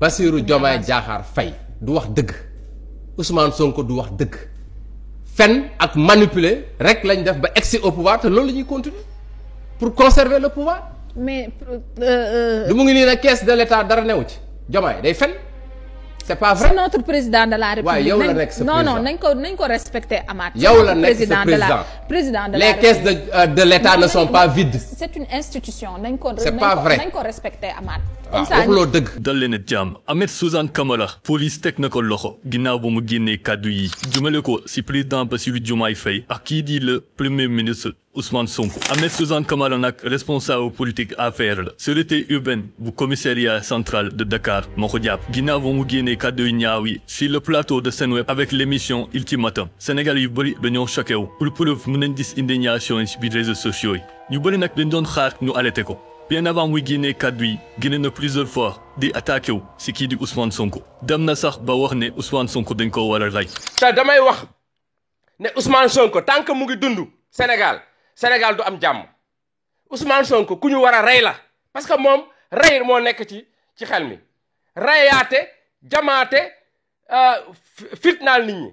Bassirou Diomaye Diakhar Faye du wax deug Ousmane Sonko du wax deug fen ak manipuler rek lañ def ba egsi au pouvoir te loolu continuer pour conserver le pouvoir. mais. Euh, euh, lu mu ngi ni nag caisse de l'État dara newu ci Diomaye day fen c'est pas vrai c'est notre président de la république non non nañ ko respecter Amad le président de la président de la les caisses de euh, de l'État ne sont pas vides. c'est une institution nañ ko. c'est pas vrai nañ respecter amaat. Ah, comme Ahmed Suzanne Camara police technique na ko loxo ginnaaw si président Bassirou Diomaye Faye ak qui dit le premier ministre. Ousmane Sonko Ahmed Suzanne Kamala responsable politique affaires sur l'été urbaine bu commissariat central de Dakar moo ko Mugine ni kàddu yu si le plateau de Senweb avec l'émission Ultimatum Sénégal yu bëri dañoo choqué wu pour preuve mën nañ indignation yi si biir réseaux sociaux Nous ñu bëri nag dañ doon xaar ñu ko bien avant muy génnee kàddu guiné génne plusieurs fois des attaques wu si kii Ousmane Sonko dem na sax ba Ousmane Sonko dañ coup war a rey. te damay wax ne Ousmane Sonko tant que mu ngi dund Sénégal Sénégal du am jàmm Ousmane Sonko ku ñu war a la parce que mom, ray mon nekk ci ci xel mi jamaate euh, fitnaal nit ñi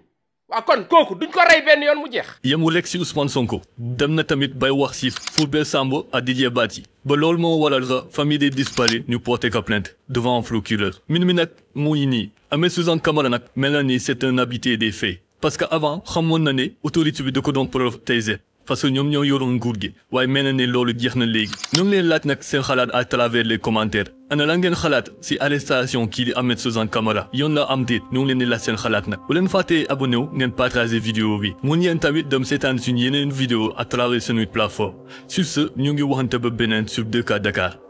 waaw kon kooku duñ ko rey benn yoon mu jeex. yemul rek si Ousmane Sonko dem na tamit bay wax si Fulbert Sambo à Didier Badji ba loolu moo waral la famille des disparus ñu porté ko plainte devant un procureur. mbir mi nag mu ngi nii Suzanne Camara nag mel na ni c'est un habitué des faits parce que avant xamoon na ne autorité bi da ko doon protéger yorongurgi, wai menene lolu girne legi. Nun len latnak sen halat à travers les commentaires. ana lan ngeen xalaat si arrestation kii di Ahmed Suzanne Camara yoon la am déet ñu ngi leen di laaj seen xalaat nag bu leen fàttee abonné wu ngeen partager vidéo bi mun yeen tamit dem seetaan une yeneen vidéo à travers ce suñuy plateforme sur ce ñu ngi waxante ba beneen sur 2K Dakar